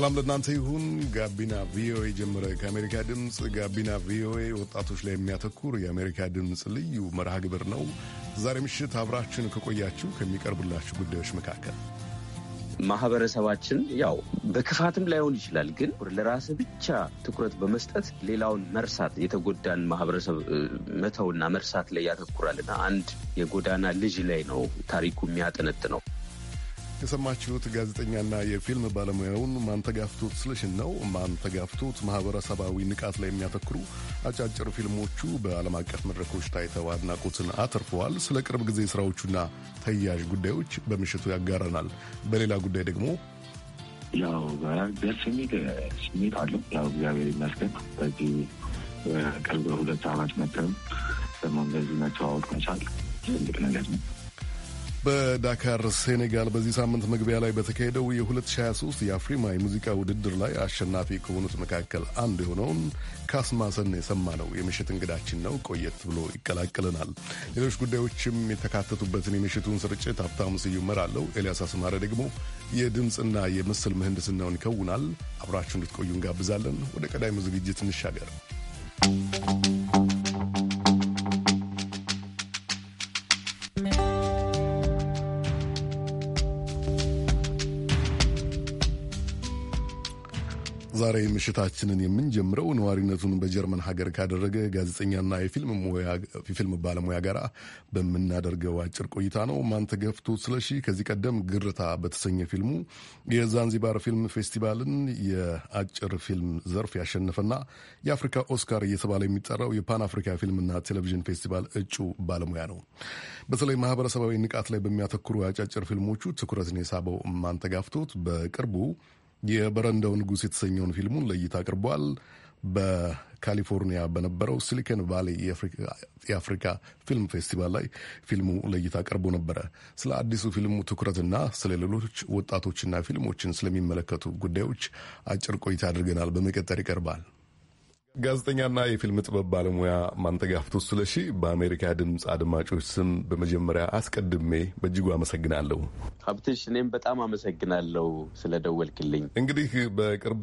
ሰላም ለእናንተ ይሁን። ጋቢና ቪኦኤ ጀምረ ከአሜሪካ ድምፅ ጋቢና ቪኦኤ ወጣቶች ላይ የሚያተኩር የአሜሪካ ድምፅ ልዩ መርሃ ግብር ነው። ዛሬ ምሽት አብራችን ከቆያችሁ ከሚቀርቡላችሁ ጉዳዮች መካከል ማህበረሰባችን ያው በክፋትም ላይሆን ይችላል፣ ግን ለራስ ብቻ ትኩረት በመስጠት ሌላውን መርሳት የተጎዳን ማህበረሰብ መተውና መርሳት ላይ ያተኩራልና አንድ የጎዳና ልጅ ላይ ነው ታሪኩ የሚያጠነጥ ነው። የሰማችሁት ጋዜጠኛና የፊልም ባለሙያውን ማንተጋፍቶት ስለሽን ነው። ማንተጋፍቶት ማህበረሰባዊ ንቃት ላይ የሚያተክሩ አጫጭር ፊልሞቹ በዓለም አቀፍ መድረኮች ታይተው አድናቆትን አትርፈዋል። ስለ ቅርብ ጊዜ ስራዎቹና ተያዥ ጉዳዮች በምሽቱ ያጋረናል። በሌላ ጉዳይ ደግሞ ያው ደስ የሚል ስሜት አለው። ያው እግዚአብሔር ይመስገን በዚህ ቅርብ ሁለት ዓመት መተም ደግሞ እንደዚህ መተዋወቅ መቻል ትልቅ ነገር ነው። በዳካር ሴኔጋል በዚህ ሳምንት መግቢያ ላይ በተካሄደው የ2023 የአፍሪማ የሙዚቃ ውድድር ላይ አሸናፊ ከሆኑት መካከል አንዱ የሆነውን ካስማሰን የሰማነው የምሽት እንግዳችን ነው። ቆየት ብሎ ይቀላቅለናል። ሌሎች ጉዳዮችም የተካተቱበትን የምሽቱን ስርጭት ሀብታሙ ስዩም እመራለሁ። ኤልያስ አስማረ ደግሞ የድምፅና የምስል ምህንድስናውን ይከውናል። አብራችሁ እንድትቆዩ እንጋብዛለን። ወደ ቀዳሚው ዝግጅት እንሻገር። ዛሬ ምሽታችንን የምንጀምረው ነዋሪነቱን በጀርመን ሀገር ካደረገ ጋዜጠኛና የፊልም ባለሙያ ጋር በምናደርገው አጭር ቆይታ ነው። ማንተጋፍቶ ስለሺ ከዚህ ቀደም ግርታ በተሰኘ ፊልሙ የዛንዚባር ፊልም ፌስቲቫልን የአጭር ፊልም ዘርፍ ያሸነፈና የአፍሪካ ኦስካር እየተባለ የሚጠራው የፓን አፍሪካ ፊልምና ቴሌቪዥን ፌስቲቫል እጩ ባለሙያ ነው። በተለይ ማህበረሰባዊ ንቃት ላይ በሚያተኩሩ አጫጭር ፊልሞቹ ትኩረትን የሳበው ማንተጋፍቶት በቅርቡ የበረንዳው ንጉሥ የተሰኘውን ፊልሙን ለእይታ አቅርቧል። በካሊፎርኒያ በነበረው ሲሊከን ቫሌ የአፍሪካ ፊልም ፌስቲቫል ላይ ፊልሙ ለእይታ ቀርቦ ነበረ። ስለ አዲሱ ፊልሙ ትኩረትና ስለ ሌሎች ወጣቶችና ፊልሞችን ስለሚመለከቱ ጉዳዮች አጭር ቆይታ አድርገናል። በመቀጠር ይቀርባል። ጋዜጠኛና የፊልም ጥበብ ባለሙያ ማንተጋፍቶ ስለሺ በአሜሪካ ድምፅ አድማጮች ስም በመጀመሪያ አስቀድሜ በእጅጉ አመሰግናለሁ። ሀብትሽ፣ እኔም በጣም አመሰግናለሁ ስለደወልክልኝ። እንግዲህ በቅርቡ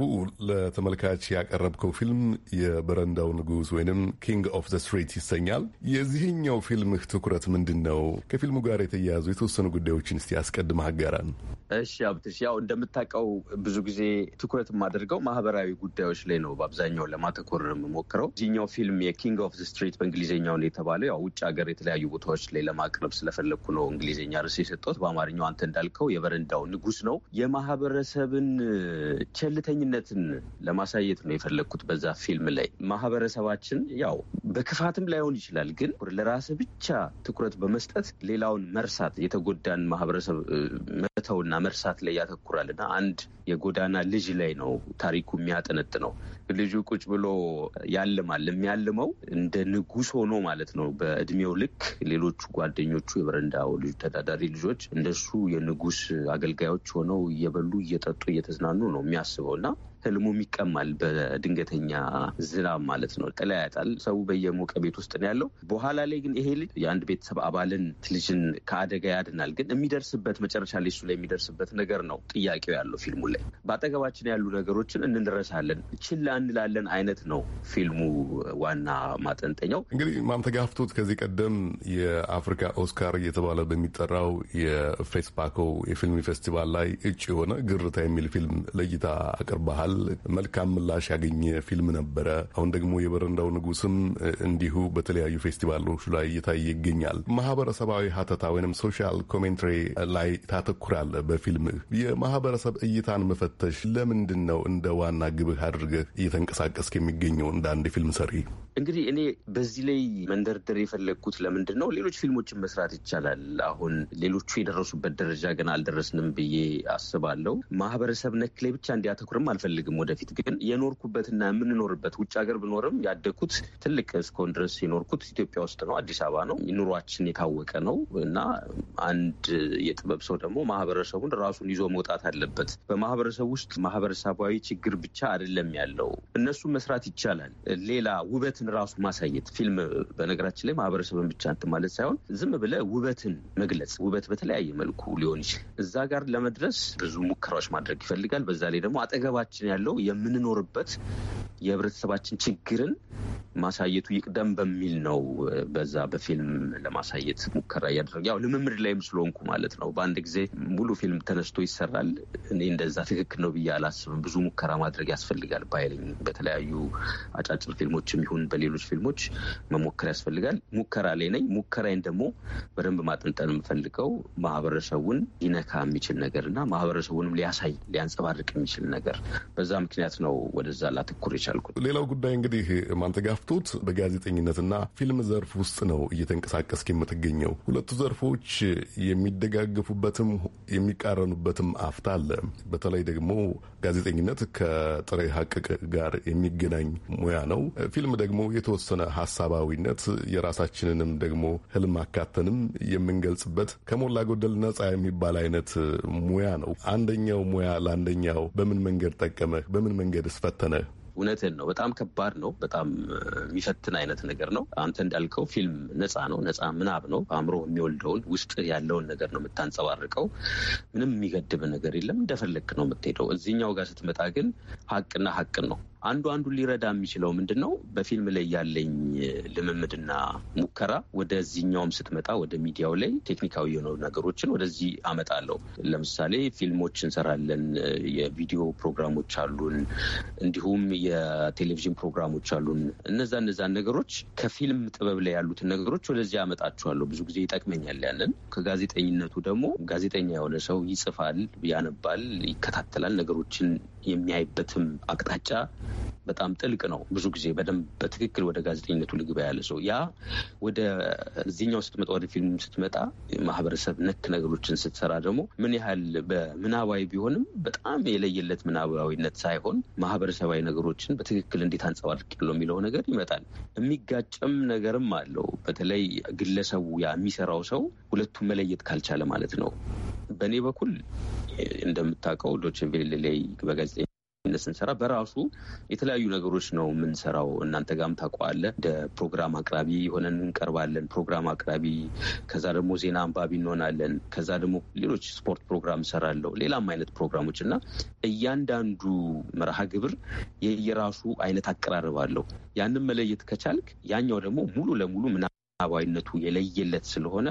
ለተመልካች ያቀረብከው ፊልም የበረንዳው ንጉስ ወይንም ኪንግ ኦፍ ዘ ስትሪት ይሰኛል። የዚህኛው ፊልምህ ትኩረት ምንድን ነው? ከፊልሙ ጋር የተያያዙ የተወሰኑ ጉዳዮችን እስቲ አስቀድመህ አጋራን። እሺ አብትሽ፣ ያው እንደምታውቀው ብዙ ጊዜ ትኩረት የማደርገው ማህበራዊ ጉዳዮች ላይ ነው። በአብዛኛው ለማተኮር ነው የምሞክረው። እዚህኛው ፊልም የኪንግ ኦፍ ስትሪት በእንግሊዝኛው ነው የተባለው። ያው ውጭ ሀገር የተለያዩ ቦታዎች ላይ ለማቅረብ ስለፈለግኩ ነው እንግሊዝኛ ርዕስ የሰጠሁት። በአማርኛው አንተ እንዳልከው የበረንዳው ንጉስ ነው። የማህበረሰብን ቸልተኝነትን ለማሳየት ነው የፈለግኩት በዛ ፊልም ላይ ማህበረሰባችን ያው በክፋትም ላይሆን ይችላል፣ ግን ለራስ ብቻ ትኩረት በመስጠት ሌላውን መርሳት የተጎዳን ማህበረሰብ መተውና መርሳት ላይ ያተኩራል እና አንድ የጎዳና ልጅ ላይ ነው ታሪኩ የሚያጠነጥነው። ነው። ልጁ ቁጭ ብሎ ያልማል። የሚያልመው እንደ ንጉስ ሆኖ ማለት ነው በእድሜው ልክ ሌሎቹ ጓደኞቹ የበረንዳው ልጅ ተዳዳሪ ልጆች እንደሱ የንጉስ አገልጋዮች ሆነው እየበሉ እየጠጡ እየተዝናኑ ነው የሚያስበው እና ህልሙም ይቀማል በድንገተኛ ዝናብ ማለት ነው። ጥላ ያጣል። ሰው በየሞቀ ቤት ውስጥ ነው ያለው። በኋላ ላይ ግን ይሄ ልጅ የአንድ ቤተሰብ አባልን ልጅን ከአደጋ ያድናል። ግን የሚደርስበት መጨረሻ ላይ እሱ ላይ የሚደርስበት ነገር ነው ጥያቄው ያለው ፊልሙ ላይ። በአጠገባችን ያሉ ነገሮችን እንንረሳለን፣ ችላ እንላለን አይነት ነው ፊልሙ ዋና ማጠንጠኛው። እንግዲህ ማምተጋፍቶት ከዚህ ቀደም የአፍሪካ ኦስካር እየተባለ በሚጠራው የፌስፓኮ የፊልም ፌስቲቫል ላይ እጩ የሆነ ግርታ የሚል ፊልም ለእይታ አቅርበሃል። መልካም ምላሽ ያገኘ ፊልም ነበረ። አሁን ደግሞ የበረንዳው ንጉስም እንዲሁ በተለያዩ ፌስቲቫሎች ላይ እየታየ ይገኛል። ማህበረሰባዊ ሀተታ ወይም ሶሻል ኮሜንትሪ ላይ ታተኩራለ። በፊልምህ የማህበረሰብ እይታን መፈተሽ ለምንድን ነው እንደ ዋና ግብህ አድርገህ እየተንቀሳቀስክ የሚገኘው እንደ አንድ ፊልም ሰሪ? እንግዲህ እኔ በዚህ ላይ መንደርደር የፈለግኩት ለምንድን ነው ሌሎች ፊልሞችን መስራት ይቻላል። አሁን ሌሎቹ የደረሱበት ደረጃ ገና አልደረስንም ብዬ አስባለሁ። ማህበረሰብ ነክ ላይ ብቻ እንዲያተኩርም አልፈልግም አልፈልግም። ወደፊት ግን የኖርኩበትና የምንኖርበት ውጭ ሀገር ብኖርም ያደግኩት ትልቅ እስከሆን ድረስ የኖርኩት ኢትዮጵያ ውስጥ ነው፣ አዲስ አበባ ነው። ኑሯችን የታወቀ ነው እና አንድ የጥበብ ሰው ደግሞ ማህበረሰቡን ራሱን ይዞ መውጣት አለበት። በማህበረሰብ ውስጥ ማህበረሰባዊ ችግር ብቻ አይደለም ያለው፣ እነሱ መስራት ይቻላል። ሌላ ውበትን ራሱ ማሳየት ፊልም በነገራችን ላይ ማህበረሰብን ብቻ እንትን ማለት ሳይሆን ዝም ብለ ውበትን መግለጽ ውበት በተለያየ መልኩ ሊሆን ይችላል። እዛ ጋር ለመድረስ ብዙ ሙከራዎች ማድረግ ይፈልጋል። በዛ ላይ ደግሞ አጠገባችን እያደረግን ያለው የምንኖርበት የህብረተሰባችን ችግርን ማሳየቱ ይቅደም በሚል ነው። በዛ በፊልም ለማሳየት ሙከራ እያደረገ ያው ልምምድ ላይም ስለሆንኩ ማለት ነው። በአንድ ጊዜ ሙሉ ፊልም ተነስቶ ይሰራል። እኔ እንደዛ ትክክል ነው ብዬ አላስብም። ብዙ ሙከራ ማድረግ ያስፈልጋል ባይለኝ፣ በተለያዩ አጫጭር ፊልሞችም ይሁን በሌሎች ፊልሞች መሞከር ያስፈልጋል። ሙከራ ላይ ነኝ። ሙከራይን ደግሞ በደንብ ማጠንጠን የምፈልገው ማህበረሰቡን ሊነካ የሚችል ነገር እና ማህበረሰቡንም ሊያሳይ ሊያንጸባርቅ የሚችል ነገር በዛ ምክንያት ነው ወደዛ ላተኩር የቻልኩት። ሌላው ጉዳይ እንግዲህ ማንተጋፍቶት በጋዜጠኝነትና ፊልም ዘርፍ ውስጥ ነው እየተንቀሳቀስክ የምትገኘው። ሁለቱ ዘርፎች የሚደጋገፉበትም የሚቃረኑበትም አፍታ አለ። በተለይ ደግሞ ጋዜጠኝነት ከጥሬ ሀቅቅ ጋር የሚገናኝ ሙያ ነው። ፊልም ደግሞ የተወሰነ ሀሳባዊነት የራሳችንንም ደግሞ ህልም አካተንም የምንገልጽበት ከሞላ ጎደል ነጻ የሚባል አይነት ሙያ ነው። አንደኛው ሙያ ለአንደኛው በምን መንገድ ጠቀ ተሸከመህ? በምን መንገድስ ፈተነህ? እውነትን ነው። በጣም ከባድ ነው። በጣም የሚፈትን አይነት ነገር ነው። አንተ እንዳልከው ፊልም ነፃ ነው። ነፃ ምናብ ነው። አእምሮ የሚወልደውን ውስጥ ያለውን ነገር ነው የምታንጸባርቀው። ምንም የሚገድብ ነገር የለም። እንደፈለግክ ነው የምትሄደው። እዚህኛው ጋር ስትመጣ ግን ሀቅና ሀቅን ነው። አንዱ አንዱ ሊረዳ የሚችለው ምንድን ነው? በፊልም ላይ ያለኝ ልምምድና ሙከራ ወደዚህኛውም ስትመጣ ወደ ሚዲያው ላይ ቴክኒካዊ የሆኑ ነገሮችን ወደዚህ አመጣለሁ። ለምሳሌ ፊልሞች እንሰራለን፣ የቪዲዮ ፕሮግራሞች አሉን፣ እንዲሁም የቴሌቪዥን ፕሮግራሞች አሉን። እነዛ እነዛን ነገሮች ከፊልም ጥበብ ላይ ያሉትን ነገሮች ወደዚህ አመጣችኋለሁ። ብዙ ጊዜ ይጠቅመኛል። ያንን ከጋዜጠኝነቱ ደግሞ ጋዜጠኛ የሆነ ሰው ይጽፋል፣ ያነባል፣ ይከታተላል ነገሮችን የሚያይበትም አቅጣጫ በጣም ጥልቅ ነው። ብዙ ጊዜ በደንብ በትክክል ወደ ጋዜጠኝነቱ ልግባ ያለ ሰው ያ ወደ እዚኛው ስትመጣ ወደ ፊልም ስትመጣ ማህበረሰብ ነክ ነገሮችን ስትሰራ ደግሞ ምን ያህል በምናባዊ ቢሆንም በጣም የለየለት ምናባዊነት ሳይሆን ማህበረሰባዊ ነገሮችን በትክክል እንዴት አንጸባርቅ ያለው የሚለው ነገር ይመጣል። የሚጋጨም ነገርም አለው። በተለይ ግለሰቡ ያ የሚሰራው ሰው ሁለቱም መለየት ካልቻለ ማለት ነው። በእኔ በኩል እንደምታውቀው ዶችቬሌ ላይ በጋዜጠኝነት ስንሰራ በራሱ የተለያዩ ነገሮች ነው የምንሰራው። እናንተ ጋም ታውቀዋለህ። እንደ ፕሮግራም አቅራቢ ሆነን እንቀርባለን። ፕሮግራም አቅራቢ፣ ከዛ ደግሞ ዜና አንባቢ እንሆናለን። ከዛ ደግሞ ሌሎች ስፖርት ፕሮግራም እሰራለሁ፣ ሌላም አይነት ፕሮግራሞች እና እያንዳንዱ መርሃ ግብር የየራሱ አይነት አቀራረብ አለው። ያንን መለየት ከቻልክ ያኛው ደግሞ ሙሉ ለሙሉ ምናባዊነቱ የለየለት ስለሆነ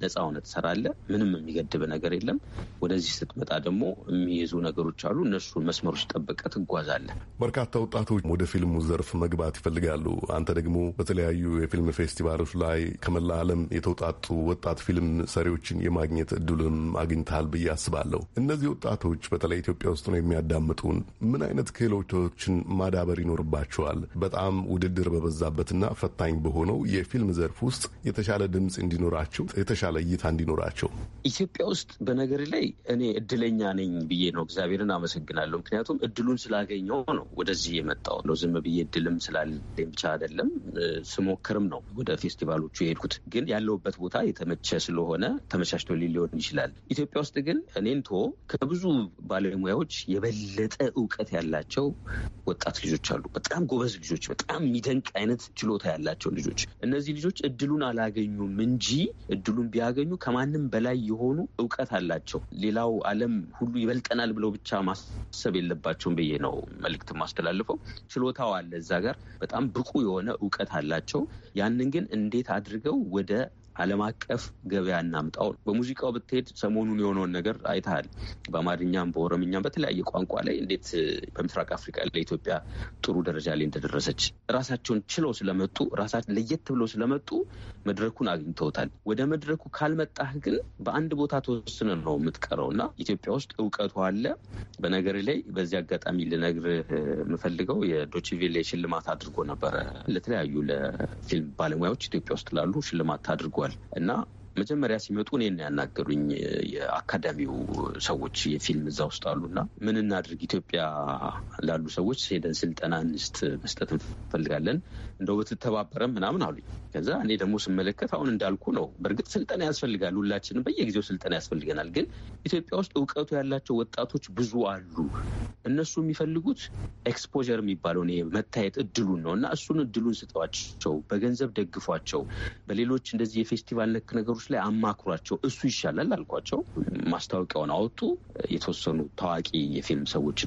ነፃ ሆነ ትሰራለ። ምንም የሚገድብ ነገር የለም። ወደዚህ ስትመጣ ደግሞ የሚይዙ ነገሮች አሉ። እነሱን መስመሮች ጠበቀ ትጓዛለህ። በርካታ ወጣቶች ወደ ፊልሙ ዘርፍ መግባት ይፈልጋሉ። አንተ ደግሞ በተለያዩ የፊልም ፌስቲቫሎች ላይ ከመላ ዓለም የተውጣጡ ወጣት ፊልም ሰሪዎችን የማግኘት እድሉንም አግኝተሃል ብዬ አስባለሁ። እነዚህ ወጣቶች በተለይ ኢትዮጵያ ውስጥ ነው የሚያዳምጡን። ምን አይነት ክህሎቶችን ማዳበር ይኖርባቸዋል? በጣም ውድድር በበዛበትና ፈታኝ በሆነው የፊልም ዘርፍ ውስጥ የተሻለ ድምፅ እንዲኖራቸው የተሻለ እይታ እንዲኖራቸው ኢትዮጵያ ውስጥ በነገር ላይ እኔ እድለኛ ነኝ ብዬ ነው እግዚአብሔርን አመሰግናለሁ። ምክንያቱም እድሉን ስላገኘው ነው ወደዚህ የመጣው ነው። ዝም ብዬ እድልም ስላለኝ ብቻ አይደለም፣ ስሞክርም ነው ወደ ፌስቲቫሎቹ የሄድኩት። ግን ያለውበት ቦታ የተመቸ ስለሆነ ተመቻችቶ ሊሆን ይችላል። ኢትዮጵያ ውስጥ ግን እኔን ቶ ከብዙ ባለሙያዎች የበለጠ እውቀት ያላቸው ወጣት ልጆች አሉ። በጣም ጎበዝ ልጆች፣ በጣም የሚደንቅ አይነት ችሎታ ያላቸው ልጆች። እነዚህ ልጆች እድሉን አላገኙም እንጂ እድሉ እድሉን ቢያገኙ ከማንም በላይ የሆኑ እውቀት አላቸው። ሌላው ዓለም ሁሉ ይበልጠናል ብለው ብቻ ማሰብ የለባቸውም ብዬ ነው መልእክት ማስተላልፈው። ችሎታው አለ እዛ ጋር በጣም ብቁ የሆነ እውቀት አላቸው። ያንን ግን እንዴት አድርገው ወደ ዓለም አቀፍ ገበያ እናምጣው። በሙዚቃው ብትሄድ ሰሞኑን የሆነውን ነገር አይተሃል። በአማርኛም በኦሮምኛም በተለያየ ቋንቋ ላይ እንዴት በምስራቅ አፍሪካ ለኢትዮጵያ ጥሩ ደረጃ ላይ እንደደረሰች ራሳቸውን ችለው ስለመጡ ራሳ ለየት ብለው ስለመጡ መድረኩን አግኝተውታል። ወደ መድረኩ ካልመጣህ ግን በአንድ ቦታ ተወስነ ነው የምትቀረው እና ኢትዮጵያ ውስጥ እውቀቱ አለ። በነገር ላይ በዚህ አጋጣሚ ልነግርህ የምፈልገው የዶችቪሌ ሽልማት አድርጎ ነበረ። ለተለያዩ ለፊልም ባለሙያዎች ኢትዮጵያ ውስጥ ላሉ ሽልማት አድርጓል። and not መጀመሪያ ሲመጡ እኔን ያናገሩኝ የአካዳሚው ሰዎች የፊልም እዛ ውስጥ አሉና ምን እናድርግ ኢትዮጵያ ላሉ ሰዎች ሄደን ስልጠና እንስት መስጠት እንፈልጋለን እንደው በትተባበረ ምናምን አሉኝ። ከዛ እኔ ደግሞ ስመለከት አሁን እንዳልኩ ነው። በእርግጥ ስልጠና ያስፈልጋል፣ ሁላችንም በየጊዜው ስልጠና ያስፈልገናል። ግን ኢትዮጵያ ውስጥ እውቀቱ ያላቸው ወጣቶች ብዙ አሉ። እነሱ የሚፈልጉት ኤክስፖር የሚባለው መታየት እድሉን ነው እና እሱን እድሉን ስጠዋቸው፣ በገንዘብ ደግፏቸው፣ በሌሎች እንደዚህ የፌስቲቫል ነክ ነገሮች ነገሮች ላይ አማክሯቸው እሱ ይሻላል አልኳቸው። ማስታወቂያውን አወጡ። የተወሰኑ ታዋቂ የፊልም ሰዎች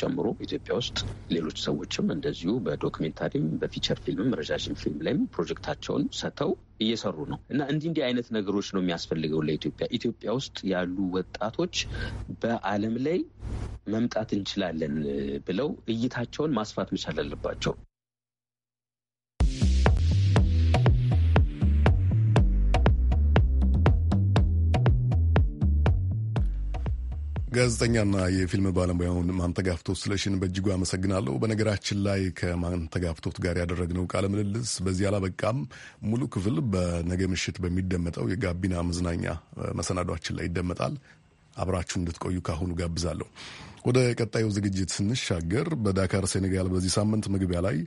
ጨምሮ ኢትዮጵያ ውስጥ ሌሎች ሰዎችም እንደዚሁ በዶክሜንታሪም በፊቸር ፊልምም ረዣዥም ፊልም ላይም ፕሮጀክታቸውን ሰተው እየሰሩ ነው እና እንዲህ እንዲህ አይነት ነገሮች ነው የሚያስፈልገው ለኢትዮጵያ። ኢትዮጵያ ውስጥ ያሉ ወጣቶች በዓለም ላይ መምጣት እንችላለን ብለው እይታቸውን ማስፋት መቻል አለባቸው። ጋዜጠኛና የፊልም ባለሙያውን ማንተጋፍቶት ስለሽን በእጅጉ አመሰግናለሁ። በነገራችን ላይ ከማንተጋፍቶት ጋር ያደረግነው ቃለ ምልልስ በዚህ አላበቃም። ሙሉ ክፍል በነገ ምሽት በሚደመጠው የጋቢና መዝናኛ መሰናዷችን ላይ ይደመጣል። አብራችሁ እንድትቆዩ ካሁኑ ጋብዛለሁ። ወደ ቀጣዩ ዝግጅት ስንሻገር በዳካር ሴኔጋል በዚህ ሳምንት መግቢያ ላይ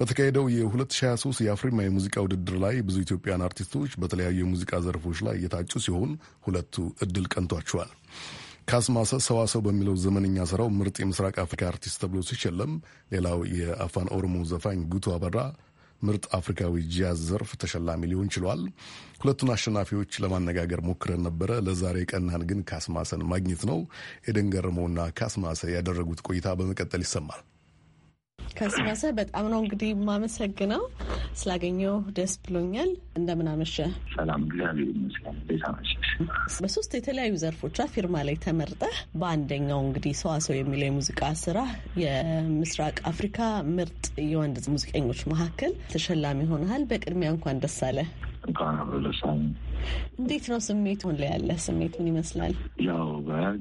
በተካሄደው የ2023 የአፍሪማ የሙዚቃ ውድድር ላይ ብዙ ኢትዮጵያን አርቲስቶች በተለያዩ የሙዚቃ ዘርፎች ላይ እየታጩ ሲሆን ሁለቱ እድል ቀንቷቸዋል። ካስማሰ ሰዋሰው በሚለው ዘመነኛ ስራው ምርጥ የምስራቅ አፍሪካ አርቲስት ተብሎ ሲሸለም፣ ሌላው የአፋን ኦሮሞ ዘፋኝ ጉቱ አበራ ምርጥ አፍሪካዊ ጃዝ ዘርፍ ተሸላሚ ሊሆን ችሏል። ሁለቱን አሸናፊዎች ለማነጋገር ሞክረን ነበረ። ለዛሬ ቀናን ግን ካስማሰን ማግኘት ነው። ኤደን ገረመውና ካስማሰ ያደረጉት ቆይታ በመቀጠል ይሰማል። ከስማሰ በጣም ነው እንግዲህ የማመሰግነው ስላገኘው ደስ ብሎኛል። እንደምን አመሸ? ሰላም፣ እግዚአብሔር በሶስት የተለያዩ ዘርፎች ፊርማ ላይ ተመርጠህ በአንደኛው እንግዲህ ሰዋሰው የሚለው የሙዚቃ ስራ የምስራቅ አፍሪካ ምርጥ የወንድ ሙዚቀኞች መካከል ተሸላሚ ሆነሃል። በቅድሚያ እንኳን ደስ አለ። እንዴት ነው ስሜት? ሆን ላይ ያለ ስሜት ምን ይመስላል? ያው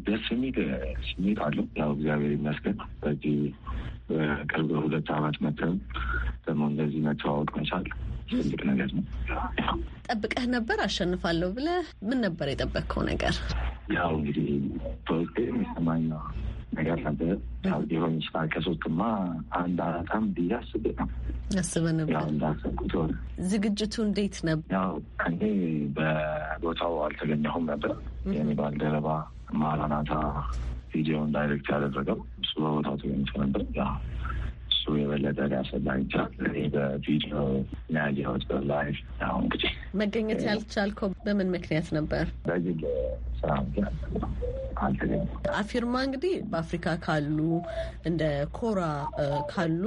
ደስ የሚል ስሜት አለው። ያው እግዚአብሔር ይመስገን በዚህ በቅርብ ሁለት አመት መተው ደግሞ እንደዚህ መተዋወቅ መቻል ትልቅ ነገር ነው። ጠብቀህ ነበር አሸንፋለሁ ብለህ? ምን ነበር የጠበቅከው ነገር? ያው እንግዲህ በውስጤ የሚሰማኝ ነገር ነበር። የሆነ ስራ ከሶትማ አንድ አራታም ብዬ አስቤ ነው አስበ ነበር። ዝግጅቱ እንዴት ነበር? ያው እኔ በቦታው አልተገኘሁም ነበር። የኔ ባልደረባ ማራናታ ቪዲዮን ዳይሬክት ያደረገው እሱ በቦታው ተገኝቶ ነበር። የበለጠ ሊያሰላቸው እኔ በቪዲዮ እና ያየሁት በላይቭ ነው። እንግዲህ መገኘት ያልቻልከው በምን ምክንያት ነበር? በዚህ ስራ ምክንያት አልተገኘም። አፊርማ እንግዲህ በአፍሪካ ካሉ እንደ ኮራ ካሉ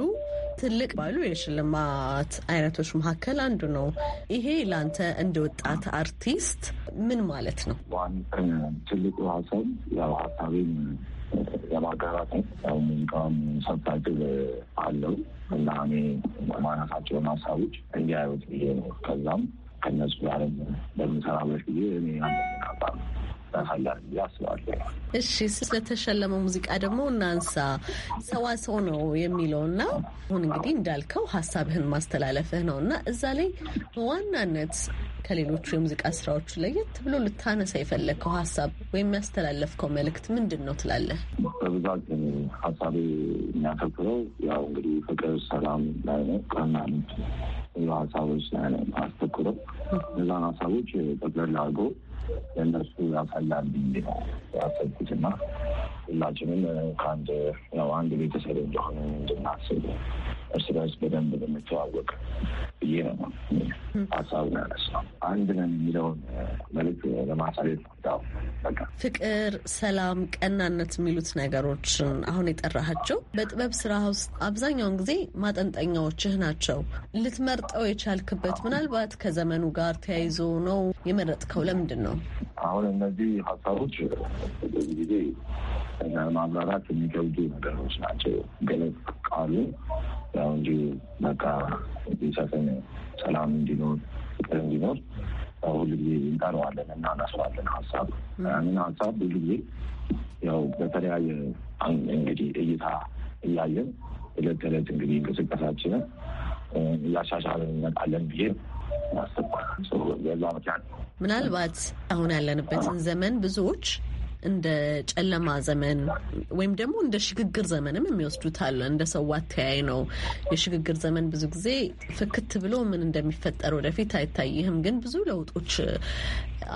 ትልቅ ባሉ የሽልማት አይነቶች መካከል አንዱ ነው። ይሄ ለአንተ እንደ ወጣት አርቲስት ምን ማለት ነው? ትልቁ ሀሳብ ያው ሀሳቤን የማጋራት ነው። ሙዚቃም ሰብታይትል አለው እና እኔ ማነሳቸውን ሀሳቦች እንዲያዩት ብዬ ነው። ከዛም ከነሱ ጋርም በምሰራበት ጊዜ እኔ አንደ ነው ይሳካላል ያስባል። እሺ ስለተሸለመው ሙዚቃ ደግሞ እናንሳ። ሰዋሰው ነው የሚለው እና አሁን እንግዲህ እንዳልከው ሀሳብህን ማስተላለፍህ ነው እና እዛ ላይ በዋናነት ከሌሎቹ የሙዚቃ ስራዎቹ ለየት ብሎ ልታነሳ የፈለግከው ሀሳብ ወይም ያስተላለፍከው መልእክት ምንድን ነው ትላለህ? በብዛት ሀሳብ የሚያተኩረው ያው እንግዲህ ፍቅር፣ ሰላም ላይ ነው ቀና ሀሳቦች ላይ ነው አስተኩረው እዛን ሀሳቦች ጠቅለል አድርጎ ለእነሱ ያፈላል ብዬ ያሰብኩት እና ሁላችንም ከአንድ ያው አንድ ቤተሰብ እንደሆነ እንድናስብ እርስ በርስ በደንብ ለመተዋወቅ ብዬ ነው ሀሳቡ ያነስ ነው። አንድ ነን የሚለውን መልክ ለማሳየት ነው። ፍቅር፣ ሰላም፣ ቀናነት የሚሉት ነገሮችን አሁን የጠራሃቸው በጥበብ ስራ ውስጥ አብዛኛውን ጊዜ ማጠንጠኛዎችህ ናቸው። ልትመርጠው የቻልክበት ምናልባት ከዘመኑ ጋር ተያይዞ ነው የመረጥከው? ለምንድን ነው? አሁን እነዚህ ሀሳቦች ብዙ ጊዜ ማብራራት የሚከብዱ ነገሮች ናቸው። ገለጽ ቃሉ ያው እንጂ በቃ ሰፍን ሰላም እንዲኖር ፍቅር እንዲኖር ሁሉ ጊዜ እንጠራዋለን እና እናስባለን ሀሳብ ምን ሀሳብ ብዙ ጊዜ ያው በተለያየ እንግዲህ እይታ እያየን እለት ተዕለት እንግዲህ እንቅስቃሴያችንን እያሻሻለን እንመጣለን ብዬ ምናልባት አሁን ያለንበትን ዘመን ብዙዎች እንደ ጨለማ ዘመን ወይም ደግሞ እንደ ሽግግር ዘመንም የሚወስዱት አለ። እንደ ሰው አተያይ ነው። የሽግግር ዘመን ብዙ ጊዜ ፍክት ብሎ ምን እንደሚፈጠር ወደፊት አይታይህም። ግን ብዙ ለውጦች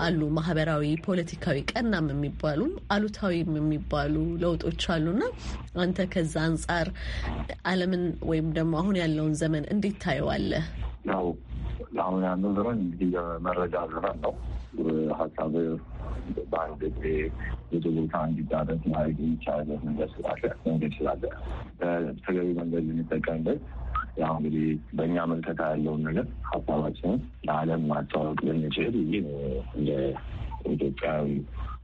አሉ። ማህበራዊ፣ ፖለቲካዊ፣ ቀናም የሚባሉ አሉታዊም የሚባሉ ለውጦች አሉና አንተ ከዛ አንጻር ዓለምን ወይም ደግሞ አሁን ያለውን ዘመን እንዴት ታየዋለህ? አሁን ያንን ዘመን እንግዲህ የመረጃ ዘመን ነው ሀሳብ በአንድ ጊዜ ብዙ ቦታ እንዲዳረስ ማድረግ የሚቻልበት መንገድ ስላለ መንገድ ስላለ በተገቢ መንገድ የሚጠቀምበት ያው እንግዲህ በእኛ መልከታ ያለውን ነገር ሀሳባችንን ለዓለም ማስተዋወቅ ልንችል ይህ እንደ ኢትዮጵያዊ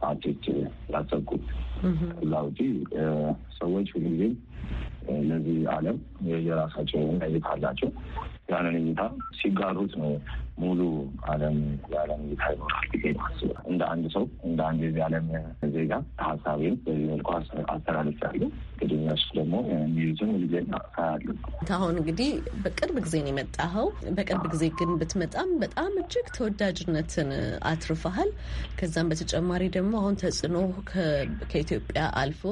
አርቲስት ያሰብኩት። ከዛ ውጪ ሰዎች ሁልጊዜም ለዚህ ዓለም የራሳቸው እይታ አላቸው። ያንን እይታ ሲጋሩት ነው ሙሉ ዓለም የዓለም እይታ ይኖራል ብዬ ማስባል። እንደ አንድ ሰው እንደ አንድ የዚህ ዓለም ዜጋ ሀሳቤም በዚህ መልኩ አስተላለፍ ያለ እንግዲህ እነሱ ደግሞ የሚይዙትን ጊዜ ሳያሉ አሁን እንግዲህ በቅርብ ጊዜ ነው የመጣኸው። በቅርብ ጊዜ ግን ብትመጣም በጣም እጅግ ተወዳጅነትን አትርፈሃል። ከዛም በተጨማሪ ደግሞ አሁን ተጽዕኖ ከኢትዮጵያ አልፎ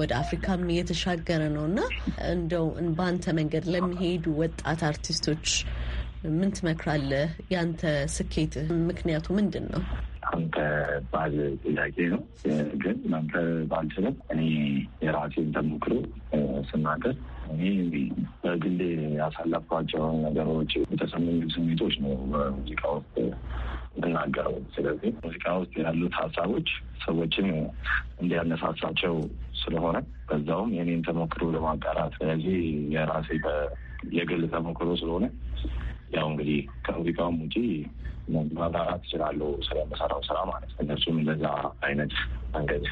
ወደ አፍሪካም እየተሻገረ ነው እና እንደው በአንተ መንገድ ለሚሄዱ ወጣት አርቲስቶች ምን ትመክራለህ? ያንተ ስኬት ምክንያቱ ምንድን ነው? አንተ ባል ጥያቄ ነው ግን አንተ ባልችልም እኔ የራሴን ተሞክሮ ስናገር እኔ በግሌ ያሳለፍኳቸውን ነገሮች የተሰሙኝ ስሜቶች ነው በሙዚቃ ውስጥ የምናገረው። ስለዚህ ሙዚቃ ውስጥ ያሉት ሀሳቦች ሰዎችን እንዲያነሳሳቸው ስለሆነ በዛውም የኔን ተሞክሮ ለማጋራት ስለዚህ የራሴ የግል ተሞክሮ ስለሆነ ያው እንግዲህ ከሙዚቃውም ውጪ ማጋራት እችላለሁ ስለምሰራው ስራ ማለት እነሱም እንደዛ አይነት መንገድ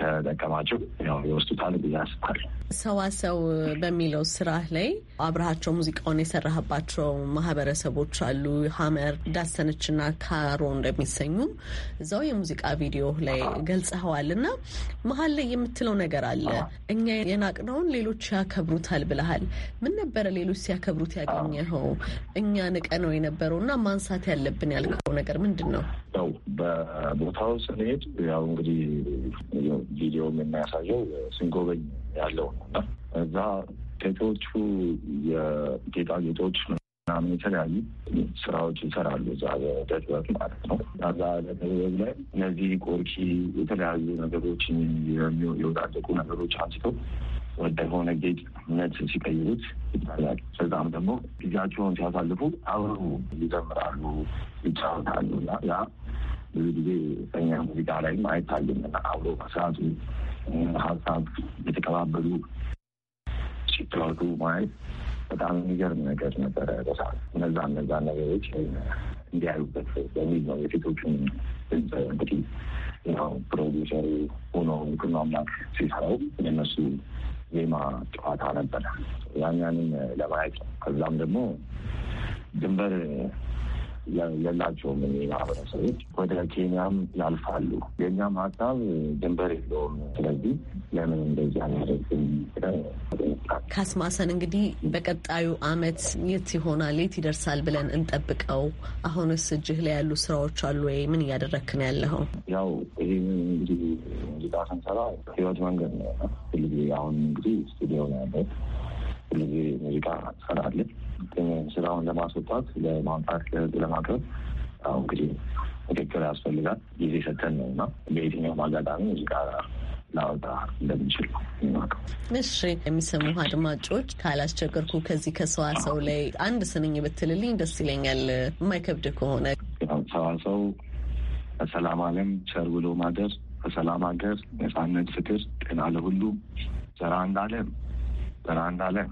ከጠቀማቸው ይወስዱታል ብዬ አስባለሁ። ሰዋሰው በሚለው ስራህ ላይ አብረሃቸው ሙዚቃውን የሰራህባቸው ማህበረሰቦች አሉ። ሀመር፣ ዳሰነችና ካሮ እንደሚሰኙ እዛው የሙዚቃ ቪዲዮ ላይ ገልጸኸዋል እና መሀል ላይ የምትለው ነገር አለ። እኛ የናቅነውን ሌሎች ያከብሩታል ብለሃል። ምን ነበረ ሌሎች ሲያከብሩት ያገኘኸው እኛ ንቀ ነው የነበረው እና ማንሳት ያለብን ያልከው ነገር ምንድን ነው? ያው በቦታው ስንሄድ ያው እንግዲህ ቪዲዮ የሚያሳየው ስንጎበኝ ያለው ነው እና እዛ ቴቶቹ የጌጣጌጦች ምናምን የተለያዩ ስራዎች ይሰራሉ እዛ በደድበት ማለት ነው። እዛ በደድበት ላይ እነዚህ ቆርኪ የተለያዩ ነገሮች የወዳደቁ ነገሮች አንስተው ወደሆነ ጌጥነት ሲቀይሩት ይታያል። ከዛም ደግሞ ጊዜያቸውን ሲያሳልፉ አብሩ ይዘምራሉ፣ ይጫወታሉ ያ ብዙ ጊዜ በኛ ሙዚቃ ላይም አይታይም እና አብሮ መስራቱ ሀሳብ የተቀባበሉ ሲተዋወቁ ማየት በጣም የሚገርም ነገር ነበረ። በሳ እነዛ እነዛ ነገሮች እንዲያዩበት በሚል ነው እንግዲህ ያው ፕሮዲሰሩ ሆኖ አምላክ ሲሰራው የነሱ ዜማ ጨዋታ ነበረ። ያን ያንን ለማየት ነው። ከዛም ደግሞ ድንበር የላቸውም እኚህ ማህበረሰቦች ወደ ኬንያም ያልፋሉ። የእኛም ሀሳብ ድንበር የለውም። ስለዚህ ለምን እንደዚህ አናደርግም? ካስማሰን እንግዲህ በቀጣዩ አመት የት ይሆናል የት ይደርሳል ብለን እንጠብቀው። አሁንስ እጅህ ላይ ያሉ ስራዎች አሉ ወይ? ምን እያደረክን ነው ያለኸው? ያው ይህ እንግዲህ ሙዚቃ ስንሰራ ህይወት መንገድ ነው። ሁልጊዜ አሁን እንግዲህ ስቱዲዮ ነው ያለው። ሁልጊዜ ሙዚቃ ሰራለን ስራውን ለማስወጣት ለማምጣት ለማቅረብ አሁ እንግዲህ ምክክር ያስፈልጋል። ጊዜ ሰተን ነው እና በየትኛውም አጋጣሚ ሙዚቃ ጋር እንደምንችል የሚማቀው። እሺ፣ የሚሰሙ አድማጮች ካላስቸገርኩ ከዚህ ከሰዋሰው ላይ አንድ ስንኝ ብትልልኝ ደስ ይለኛል፣ የማይከብድ ከሆነ ሰዋሰው በሰላም ዓለም፣ ቸር ብሎ ማደር፣ በሰላም ሀገር፣ ነፃነት፣ ፍትር፣ ጤና ለሁሉም፣ ዘራ እንዳለም ዘራ እንዳለም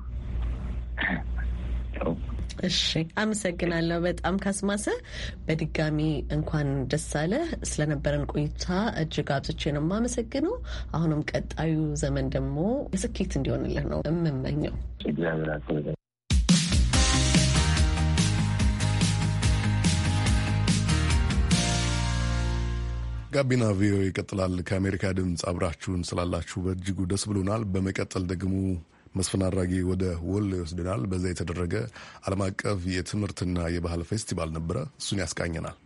ጥሩ። እሺ አመሰግናለሁ በጣም ካስማሰ፣ በድጋሚ እንኳን ደስ አለ ስለነበረን ቆይታ እጅግ አብዝቼ ነው የማመሰግነው። አሁንም ቀጣዩ ዘመን ደግሞ ስኬት እንዲሆንልህ ነው የምመኘው። ጋቢና ቪኦኤ ይቀጥላል። ከአሜሪካ ድምፅ አብራችሁን ስላላችሁ በእጅጉ ደስ ብሎናል። በመቀጠል ደግሞ መስፍን አድራጊ ወደ ወሎ ይወስደናል። በዛ የተደረገ ዓለም አቀፍ የትምህርትና የባህል ፌስቲቫል ነበረ። እሱን ያስቃኘናል።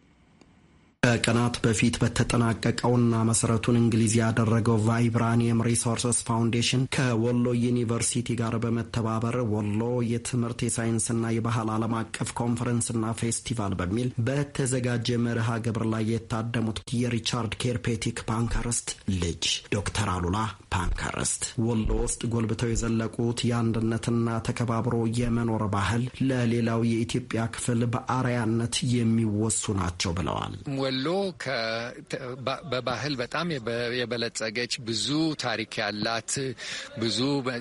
ከቀናት በፊት በተጠናቀቀውና መሰረቱን እንግሊዝ ያደረገው ቫይብራኒየም ሪሶርስስ ፋውንዴሽን ከወሎ ዩኒቨርሲቲ ጋር በመተባበር ወሎ የትምህርት የሳይንስና የባህል ዓለም አቀፍ ኮንፈረንስና ፌስቲቫል በሚል በተዘጋጀ መርሃ ግብር ላይ የታደሙት የሪቻርድ ኬርፔቲክ ፓንከርስት ልጅ ዶክተር አሉላ ፓንከርስት ወሎ ውስጥ ጎልብተው የዘለቁት የአንድነትና ተከባብሮ የመኖር ባህል ለሌላው የኢትዮጵያ ክፍል በአርያነት የሚወሱ ናቸው ብለዋል። ወሎ በባህል በጣም የበለጸገች ብዙ ታሪክ ያላት ብዙ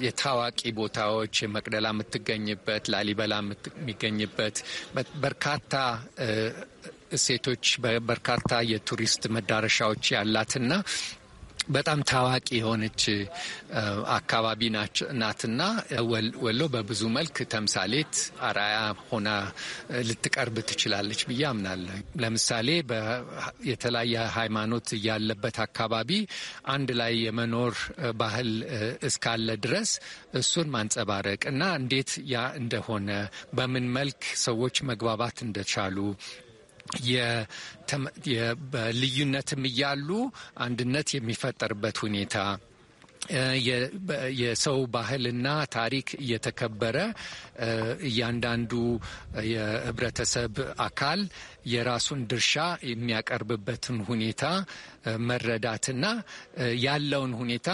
የታዋቂ ቦታዎች መቅደላ የምትገኝበት፣ ላሊበላ የሚገኝበት በርካታ እሴቶች በርካታ የቱሪስት መዳረሻዎች ያላትና በጣም ታዋቂ የሆነች አካባቢ ናትና ወሎ በብዙ መልክ ተምሳሌት አራያ ሆና ልትቀርብ ትችላለች ብዬ አምናለሁ። ለምሳሌ የተለያየ ሃይማኖት ያለበት አካባቢ አንድ ላይ የመኖር ባህል እስካለ ድረስ እሱን ማንጸባረቅ እና እንዴት ያ እንደሆነ በምን መልክ ሰዎች መግባባት እንደቻሉ በልዩነትም እያሉ አንድነት የሚፈጠርበት ሁኔታ የሰው ባህልና ታሪክ እየተከበረ እያንዳንዱ የህብረተሰብ አካል የራሱን ድርሻ የሚያቀርብበትን ሁኔታ መረዳትና ያለውን ሁኔታ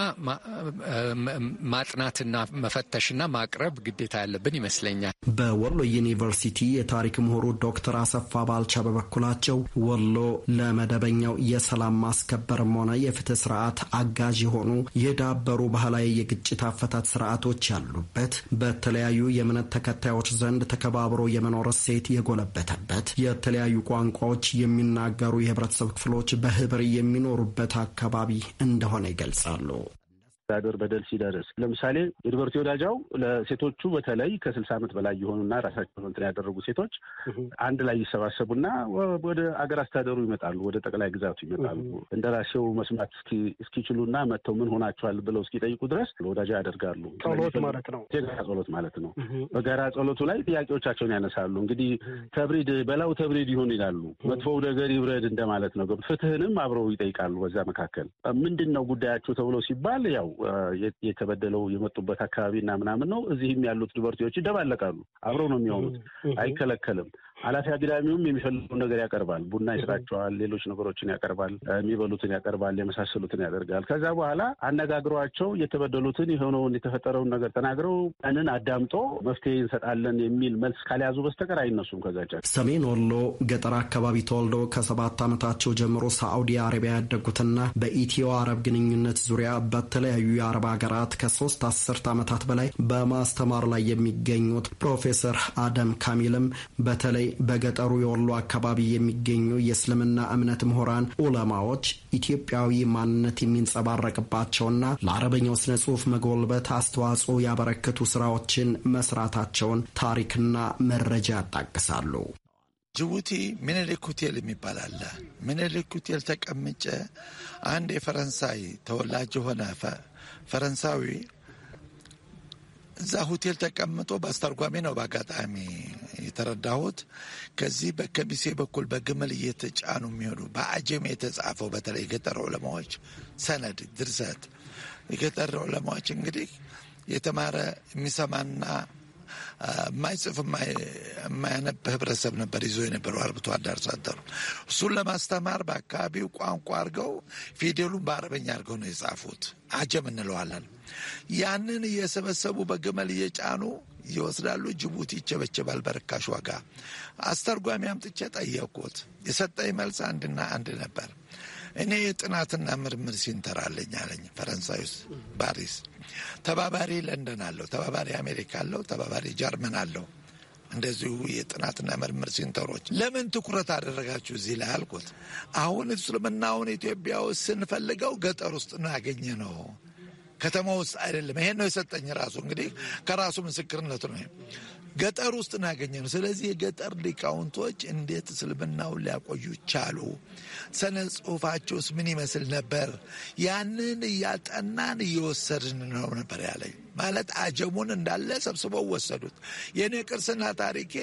ማጥናትና መፈተሽና ማቅረብ ግዴታ ያለብን ይመስለኛል። በወሎ ዩኒቨርሲቲ የታሪክ ምሁሩ ዶክተር አሰፋ ባልቻ በበኩላቸው ወሎ ለመደበኛው የሰላም ማስከበርም ሆነ የፍትህ ስርዓት አጋዥ የሆኑ የዳበሩ ባህላዊ የግጭት አፈታት ስርዓቶች ያሉበት በተለያዩ የእምነት ተከታዮች ዘንድ ተከባብሮ የመኖር እሴት የጎለበተበት የተለያዩ ቋንቋዎች የሚናገሩ የህብረተሰብ ክፍሎች በህብር የሚኖሩበት አካባቢ እንደሆነ ይገልጻሉ። አስተዳደር በደል ሲደርስ ለምሳሌ ዩኒቨርሲቲ ወዳጃው ለሴቶቹ በተለይ ከስልሳ ዓመት በላይ የሆኑና ራሳቸውን እንትን ያደረጉ ሴቶች አንድ ላይ ይሰባሰቡና ወደ አገር አስተዳደሩ ይመጣሉ፣ ወደ ጠቅላይ ግዛቱ ይመጣሉ። እንደራሴው መስማት እስኪችሉና መጥተው ምን ሆናቸዋል ብለው እስኪጠይቁ ድረስ ወዳጃ ያደርጋሉ። ጸሎት ማለት ነው። የጋራ ጸሎት ማለት ነው። በጋራ ጸሎቱ ላይ ጥያቄዎቻቸውን ያነሳሉ። እንግዲህ ተብሪድ በላው ተብሪድ ይሆን ይላሉ። መጥፎው ነገር ይብረድ እንደማለት ነው። ፍትህንም አብረው ይጠይቃሉ። በዛ መካከል ምንድን ነው ጉዳያቸው ተብሎ ሲባል ያው የተበደለው የመጡበት አካባቢ እና ምናምን ነው። እዚህም ያሉት ሊበርቲዎች ይደባለቃሉ፣ አብረው ነው የሚሆኑት፣ አይከለከልም። ኃላፊ አግዳሚውም የሚፈልገውን ነገር ያቀርባል። ቡና ይስራቸዋል፣ ሌሎች ነገሮችን ያቀርባል፣ የሚበሉትን ያቀርባል፣ የመሳሰሉትን ያደርጋል። ከዛ በኋላ አነጋግሯቸው የተበደሉትን የሆነውን የተፈጠረውን ነገር ተናግረው ቀንን አዳምጦ መፍትሄ እንሰጣለን የሚል መልስ ካልያዙ በስተቀር አይነሱም። ከዛቻ ሰሜን ወሎ ገጠር አካባቢ ተወልደው ከሰባት ዓመታቸው ጀምሮ ሳዑዲ አረቢያ ያደጉትና በኢትዮ አረብ ግንኙነት ዙሪያ በተለያዩ የአረብ ሀገራት ከሶስት አስርት ዓመታት በላይ በማስተማር ላይ የሚገኙት ፕሮፌሰር አደም ካሚልም በተለይ በገጠሩ የወሎ አካባቢ የሚገኙ የእስልምና እምነት ምሁራን ዑለማዎች ኢትዮጵያዊ ማንነት የሚንጸባረቅባቸውና ለአረበኛው ስነ ጽሁፍ መጎልበት አስተዋጽኦ ያበረከቱ ስራዎችን መስራታቸውን ታሪክና መረጃ ያጣቅሳሉ። ጅቡቲ ምኒልክ ሆቴል የሚባል አለ። ሆቴል ተቀምጬ አንድ የፈረንሳይ ተወላጅ የሆነ ፈረንሳዊ እዛ ሆቴል ተቀምጦ በአስተርጓሚ ነው በአጋጣሚ የተረዳሁት ከዚህ ከሚሴ በኩል በግመል እየተጫኑ የሚሆኑ በአጀም የተጻፈው በተለይ የገጠር ዑለማዎች ሰነድ ድርሰት የገጠር ዑለማዎች እንግዲህ የተማረ የሚሰማና ማይጽፍ የማያነብ ህብረተሰብ ነበር ይዞ የነበረው አርብቶ አዳር ሳደሩ። እሱን ለማስተማር በአካባቢው ቋንቋ አድርገው ፊደሉን በአረበኛ አድርገው ነው የጻፉት። አጀም እንለዋለን። ያንን እየሰበሰቡ በግመል እየጫኑ ይወስዳሉ። ጅቡቲ ይቸበቸባል በርካሽ ዋጋ። አስተርጓሚ አምጥቼ ጠየቅኩት። የሰጠኝ መልስ አንድና አንድ ነበር። እኔ የጥናትና ምርምር ሲንተር አለኝ አለኝ ፈረንሳይ ውስጥ ፓሪስ። ተባባሪ ለንደን አለው፣ ተባባሪ አሜሪካ አለው፣ ተባባሪ ጀርመን አለው። እንደዚሁ የጥናትና ምርምር ሲንተሮች ለምን ትኩረት አደረጋችሁ እዚህ ላይ አልኩት። አሁን እስልምናውን ኢትዮጵያ ውስጥ ስንፈልገው ገጠር ውስጥ ነው ያገኘ ነው ከተማ ውስጥ አይደለም። ይሄን ነው የሰጠኝ ራሱ እንግዲህ ከራሱ ምስክርነት ነው። ገጠር ውስጥ እናገኘ ነው። ስለዚህ የገጠር ሊቃውንቶች እንዴት እስልምናውን ሊያቆዩ ቻሉ? ስነ ጽሁፋቸውስ ምን ይመስል ነበር? ያንን እያጠናን እየወሰድን ነው ነበር ያለኝ። ማለት አጀቡን እንዳለ ሰብስበው ወሰዱት። የእኔ ቅርስና ታሪኬ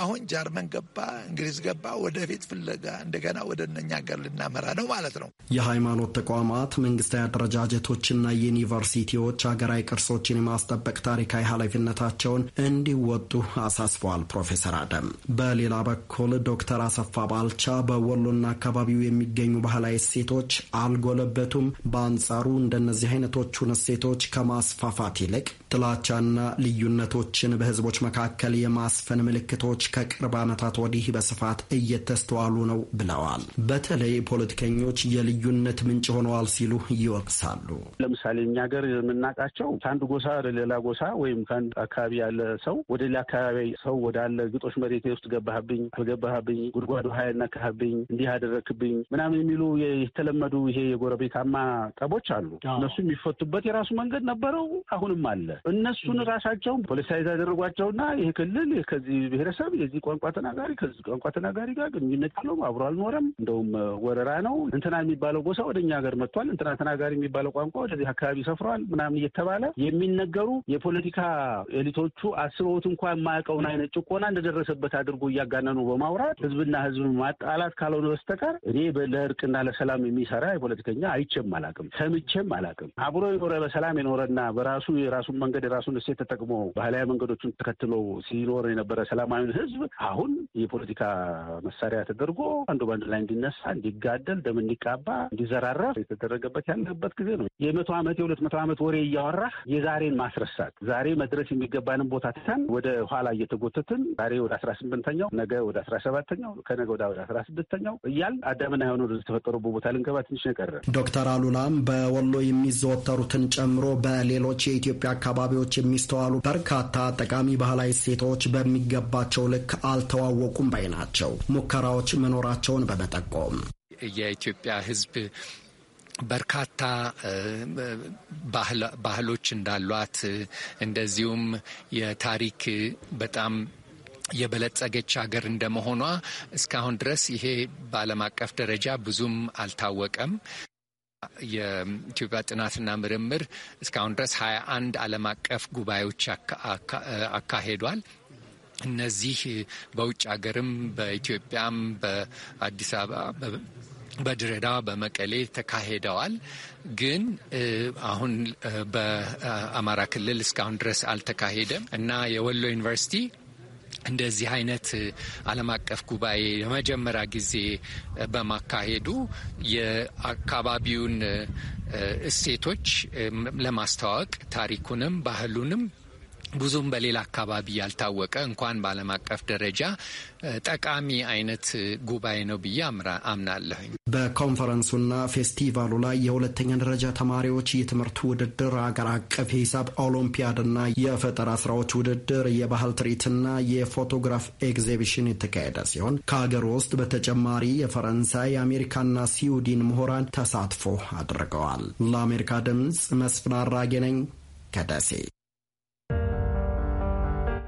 አሁን ጀርመን ገባ፣ እንግሊዝ ገባ። ወደፊት ፍለጋ እንደገና ወደ እነኛ ሀገር ልናመራ ነው ማለት ነው። የሃይማኖት ተቋማት፣ መንግስታዊ አደረጃጀቶችና ዩኒቨርሲቲዎች ሀገራዊ ቅርሶችን የማስጠበቅ ታሪካዊ ኃላፊነታቸውን እንዲወጡ አሳስበዋል ፕሮፌሰር አደም። በሌላ በኩል ዶክተር አሰፋ ባልቻ በወሎና አካባቢው የሚገኙ ባህላዊ እሴቶች አልጎለበቱም፣ በአንጻሩ እንደነዚህ አይነቶቹን እሴቶች ከማስፋፋት ይልቅ ጥላቻና ልዩነቶችን በህዝቦች መካከል የማስፈን ምልክቶች ከቅርብ ዓመታት ወዲህ በስፋት እየተስተዋሉ ነው ብለዋል። በተለይ ፖለቲከኞች የልዩነት ምንጭ ሆነዋል ሲሉ ይወቅሳሉ። ለምሳሌ እኛ ሀገር የምናውቃቸው ከአንድ ጎሳ ወደ ሌላ ጎሳ ወይም ከአንድ አካባቢ ያለ ሰው ወደ ሌላ አካባቢ ሰው ወዳለ ግጦሽ መሬቴ ውስጥ ገባህብኝ፣ አልገባህብኝ፣ ጉድጓዱ ሀያ ያነካህብኝ፣ እንዲህ አደረክብኝ ምናምን የሚሉ የተለመዱ ይሄ የጎረቤታማ ጠቦች አሉ። እነሱ የሚፈቱበት የራሱ መንገድ ነበረው አሁን አሁንም አለ። እነሱን ራሳቸውን ፖለቲሳይዝ ያደረጓቸውና ይህ ክልል ከዚህ ብሔረሰብ የዚህ ቋንቋ ተናጋሪ ከዚህ ቋንቋ ተናጋሪ ጋር ግንኙነት ያለው አብሮ አልኖረም፣ እንደውም ወረራ ነው፣ እንትና የሚባለው ጎሳ ወደ እኛ ሀገር መጥቷል፣ እንትና ተናጋሪ የሚባለው ቋንቋ ወደዚህ አካባቢ ሰፍሯል፣ ምናምን እየተባለ የሚነገሩ የፖለቲካ ኤሊቶቹ አስበውት እንኳ የማያውቀውን አይነት ጭቆና እንደደረሰበት አድርጎ እያጋነኑ በማውራት ህዝብና ህዝብ ማጣላት ካልሆነ በስተቀር እኔ ለእርቅና ለሰላም የሚሰራ የፖለቲከኛ አይቼም አላቅም፣ ሰምቼም አላቅም። አብሮ የኖረ በሰላም የኖረና በራሱ የራሱን መንገድ የራሱን እሴት ተጠቅሞ ባህላዊ መንገዶችን ተከትሎ ሲኖር የነበረ ሰላማዊን ህዝብ አሁን የፖለቲካ መሳሪያ ተደርጎ አንዱ በአንድ ላይ እንዲነሳ፣ እንዲጋደል፣ ደም እንዲቃባ፣ እንዲዘራረፍ የተደረገበት ያለበት ጊዜ ነው። የመቶ ዓመት የሁለት መቶ ዓመት ወሬ እያወራህ የዛሬን ማስረሳት ዛሬ መድረስ የሚገባንን ቦታ ትተን ወደ ኋላ እየተጎተትን ዛሬ ወደ አስራ ስምንተኛው ነገ ወደ አስራ ሰባተኛው ከነገ ወደ አስራ ስድስተኛው እያል አዳምና የሆነ ወደ ተፈጠሩበት ቦታ ልንገባ ትንሽ ነቀረ። ዶክተር አሉላም በወሎ የሚዘወተሩትን ጨምሮ በሌሎች የኢትዮጵያ አካባቢዎች የሚስተዋሉ በርካታ ጠቃሚ ባህላዊ እሴቶች በሚገባቸው ልክ አልተዋወቁም ባይ ናቸው። ሙከራዎች መኖራቸውን በመጠቆም የኢትዮጵያ ሕዝብ በርካታ ባህሎች እንዳሏት እንደዚሁም የታሪክ በጣም የበለጸገች ሀገር እንደመሆኗ እስካሁን ድረስ ይሄ በዓለም አቀፍ ደረጃ ብዙም አልታወቀም። የኢትዮጵያ ጥናትና ምርምር እስካሁን ድረስ ሀያ አንድ ዓለም አቀፍ ጉባኤዎች አካሄዷል። እነዚህ በውጭ ሀገርም በኢትዮጵያም በአዲስ አበባ በድሬዳ በመቀሌ ተካሄደዋል። ግን አሁን በአማራ ክልል እስካሁን ድረስ አልተካሄደም እና የወሎ ዩኒቨርሲቲ እንደዚህ አይነት ዓለም አቀፍ ጉባኤ የመጀመሪያ ጊዜ በማካሄዱ የአካባቢውን እሴቶች ለማስተዋወቅ ታሪኩንም ባህሉንም ብዙም በሌላ አካባቢ ያልታወቀ እንኳን በዓለም አቀፍ ደረጃ ጠቃሚ አይነት ጉባኤ ነው ብዬ አምናለሁኝ። በኮንፈረንሱና ፌስቲቫሉ ላይ የሁለተኛ ደረጃ ተማሪዎች የትምህርት ውድድር፣ አገር አቀፍ የሂሳብ ኦሎምፒያድና የፈጠራ ስራዎች ውድድር፣ የባህል ትርኢትና የፎቶግራፍ ኤግዚቢሽን የተካሄደ ሲሆን ከሀገር ውስጥ በተጨማሪ የፈረንሳይ የአሜሪካና ስዊድን ምሁራን ተሳትፎ አድርገዋል። ለአሜሪካ ድምፅ መስፍን አራጌ ነኝ ከደሴ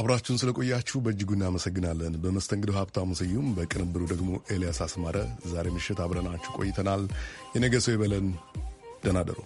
አብራችሁን ስለቆያችሁ በእጅጉ እናመሰግናለን። በመስተንግዶ ሀብታሙ ስዩም፣ በቅንብሩ ደግሞ ኤልያስ አስማረ። ዛሬ ምሽት አብረናችሁ ቆይተናል። የነገ ሰው ይበለን። ደሩ።